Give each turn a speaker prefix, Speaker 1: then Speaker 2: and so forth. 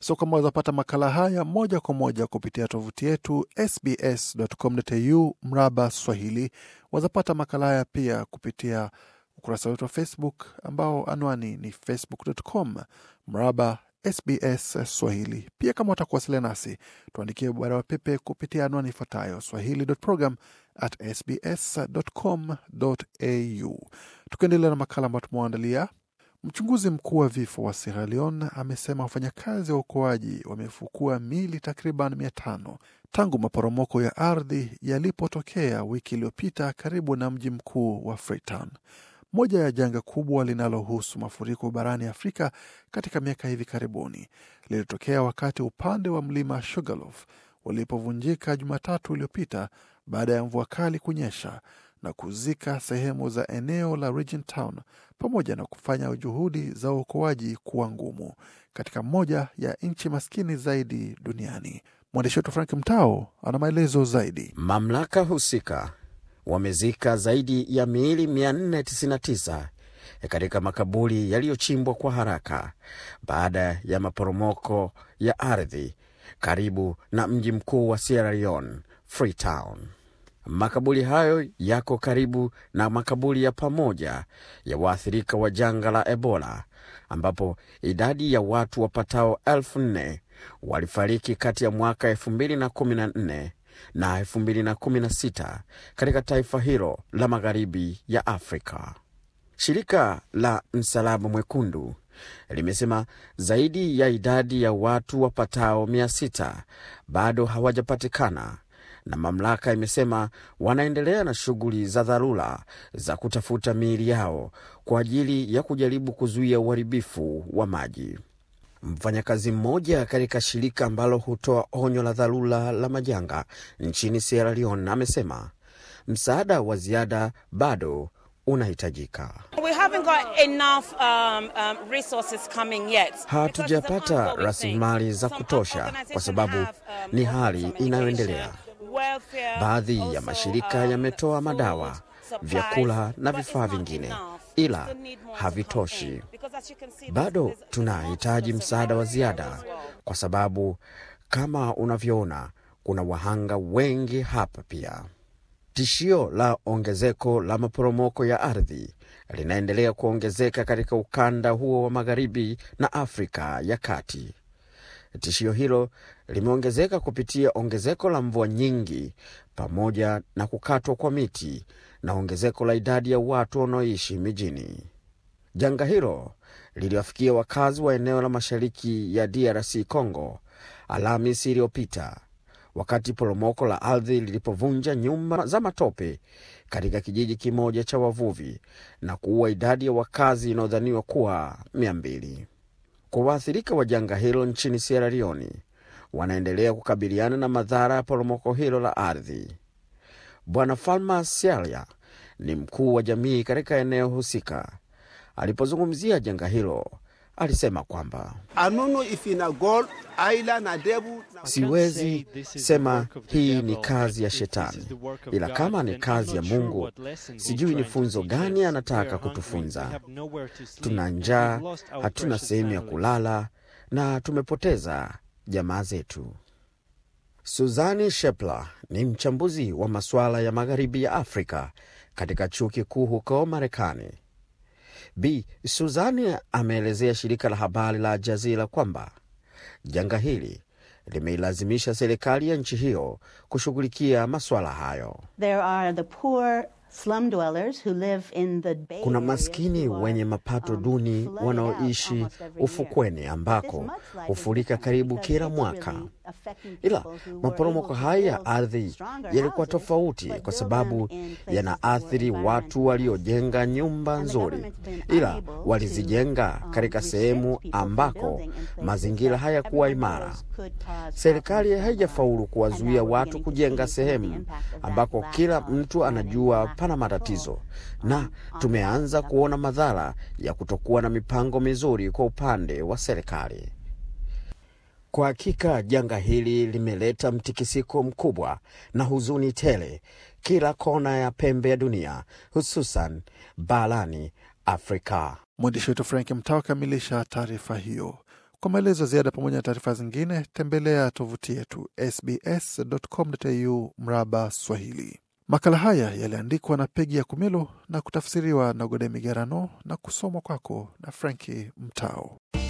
Speaker 1: So kama wazapata makala haya moja kwa moja kupitia tovuti yetu sbs.com.au mraba Swahili. Wazapata makala haya pia kupitia ukurasa wetu wa Facebook ambao anwani ni facebook.com mraba SBS Swahili. Pia kama watakuwasilia nasi, tuandikie barua pepe kupitia anwani ifuatayo swahili.program at Tukiendelea na makala ambayo tumewaandalia Mchunguzi mkuu wa vifo wa Sierra Leone amesema wafanyakazi wa uokoaji wamefukua mili takriban mia tano tangu maporomoko ya ardhi yalipotokea wiki iliyopita karibu na mji mkuu wa Freetown. Moja ya janga kubwa linalohusu mafuriko barani Afrika katika miaka hivi karibuni lilitokea wakati upande wa mlima Sugarloaf ulipovunjika Jumatatu iliyopita baada ya mvua kali kunyesha na kuzika sehemu za eneo la town pamoja na kufanya juhudi za uokoaji kuwa ngumu katika moja ya nchi maskini zaidi duniani. Mwandishi wetu Frank Mtao ana maelezo zaidi. Mamlaka
Speaker 2: husika wamezika zaidi ya miili 499 katika makaburi yaliyochimbwa kwa haraka baada ya maporomoko ya ardhi karibu na mji mkuu wa Sierra Leone, Freetown. Makaburi hayo yako karibu na makaburi ya pamoja ya waathirika wa janga la Ebola, ambapo idadi ya watu wapatao elfu nne walifariki kati ya mwaka 2014 na 2016 katika taifa hilo la magharibi ya Afrika. Shirika la Msalaba Mwekundu limesema zaidi ya idadi ya watu wapatao 600 bado hawajapatikana na mamlaka imesema wanaendelea na shughuli za dharura za kutafuta miili yao kwa ajili ya kujaribu kuzuia uharibifu wa maji. Mfanyakazi mmoja katika shirika ambalo hutoa onyo la dharura la majanga nchini Sierra leon amesema msaada wa ziada bado unahitajika.
Speaker 1: Um, um,
Speaker 2: Hatujapata rasilimali za kutosha, kwa sababu um, ni hali inayoendelea Baadhi ya mashirika um, yametoa madawa, vyakula na vifaa vingine, ila havitoshi. Bado tunahitaji msaada wa ziada, kwa sababu kama unavyoona, kuna wahanga wengi hapa pia. Tishio la ongezeko la maporomoko ya ardhi linaendelea kuongezeka katika ukanda huo wa magharibi na Afrika ya kati. Tishio hilo limeongezeka kupitia ongezeko la mvua nyingi pamoja na kukatwa kwa miti na ongezeko la idadi ya watu wanaoishi mijini. Janga hilo liliwafikia wakazi wa eneo la mashariki ya DRC Congo alamis iliyopita wakati poromoko la ardhi lilipovunja nyumba za matope katika kijiji kimoja cha wavuvi na kuua idadi ya wakazi inayodhaniwa kuwa mia kwa waathirika wa janga hilo nchini Sierra leoni wanaendelea kukabiliana na madhara ya poromoko hilo la ardhi. Bwana Falma Sialia ni mkuu wa jamii katika eneo husika. Alipozungumzia janga hilo, alisema kwamba siwezi sema hii ni kazi ya Shetani, ila kama ni kazi ya Mungu, sijui ni funzo gani anataka kutufunza. Tuna njaa, hatuna sehemu ya kulala na tumepoteza jamaa zetu. Suzani shepla ni mchambuzi wa masuala ya magharibi ya Afrika katika chuo kikuu huko Marekani b Suzani ameelezea shirika la habari la Jazira kwamba janga hili limeilazimisha serikali ya nchi hiyo kushughulikia masuala hayo.
Speaker 1: There are the poor
Speaker 2: kuna maskini wenye mapato duni wanaoishi ufukweni ambako hufurika karibu kila mwaka. Ila maporomoko haya ya ardhi yalikuwa tofauti kwa sababu yanaathiri watu waliojenga nyumba nzuri, ila walizijenga um, katika sehemu ambako mazingira hayakuwa imara. Serikali haijafaulu kuwazuia watu kujenga sehemu ambako kila mtu anajua pana matatizo, um, na tumeanza kuona madhara ya kutokuwa na mipango mizuri kwa upande wa serikali. Kwa hakika janga hili limeleta mtikisiko mkubwa na huzuni tele kila kona ya pembe ya dunia, hususan barani Afrika.
Speaker 1: Mwandishi wetu Frank Mtao akamilisha taarifa hiyo. Kwa maelezo ziada pamoja na taarifa zingine, tembelea tovuti yetu sbs.com.au mraba Swahili. Makala haya yaliandikwa na Pegi ya Kumelo na kutafsiriwa na Gode Migerano na kusomwa kwako na Franki Mtao.